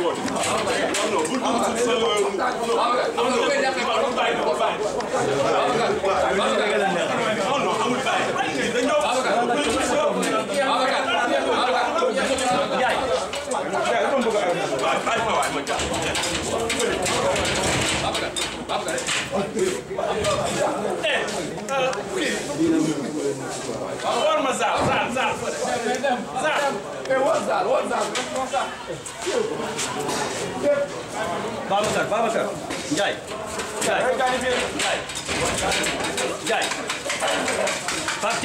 bàyyi woote. non bu dul sa non non amul bàyyi dañoo. Vamos, Mazal! Sall woon Sall. Babacar Babacar. Ndiaye. Ndiaye Ndiaye. Pape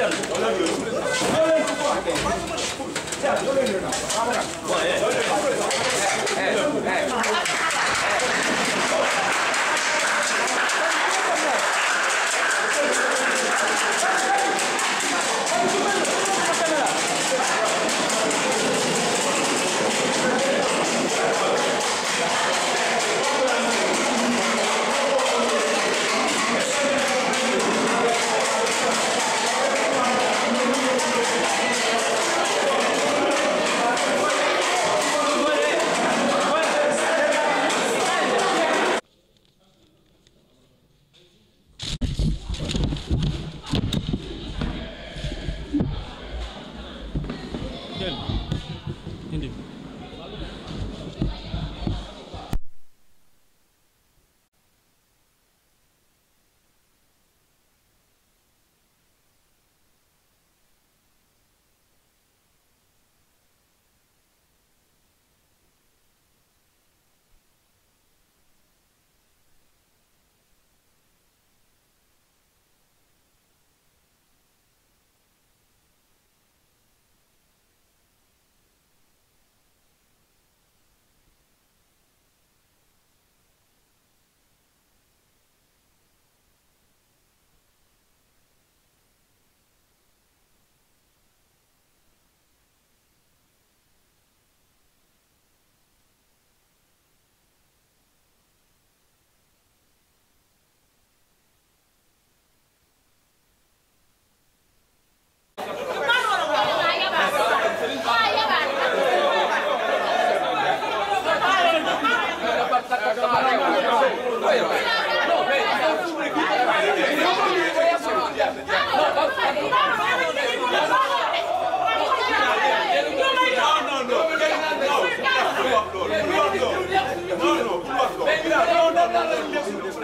Thiam. waaw. indi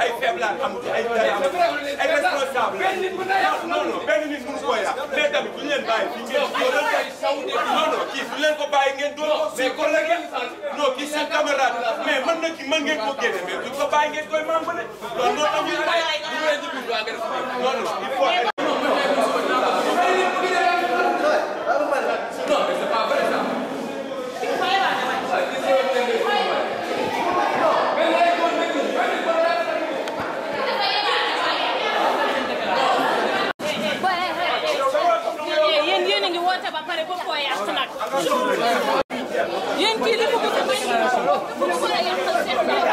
ay faiblard amul ay dara amul ay responsable non non benn nit mënu ko yàq mais tamit duñu leen bàyyi fii ngeen dóor non non kii duñu leen ko bàyyi ngeen dóor mais collègue non kii seen camarade mais mën na ki mën ngeen ko génne mais duñ ko bàyyi ngeen koy membale loolu noonu tamit non non il faut pare ba koo yàq nag. yéen kii li mu bëgg a bañ a war a yàqal seen bopp.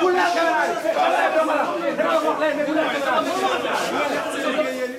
bu leer caméra yi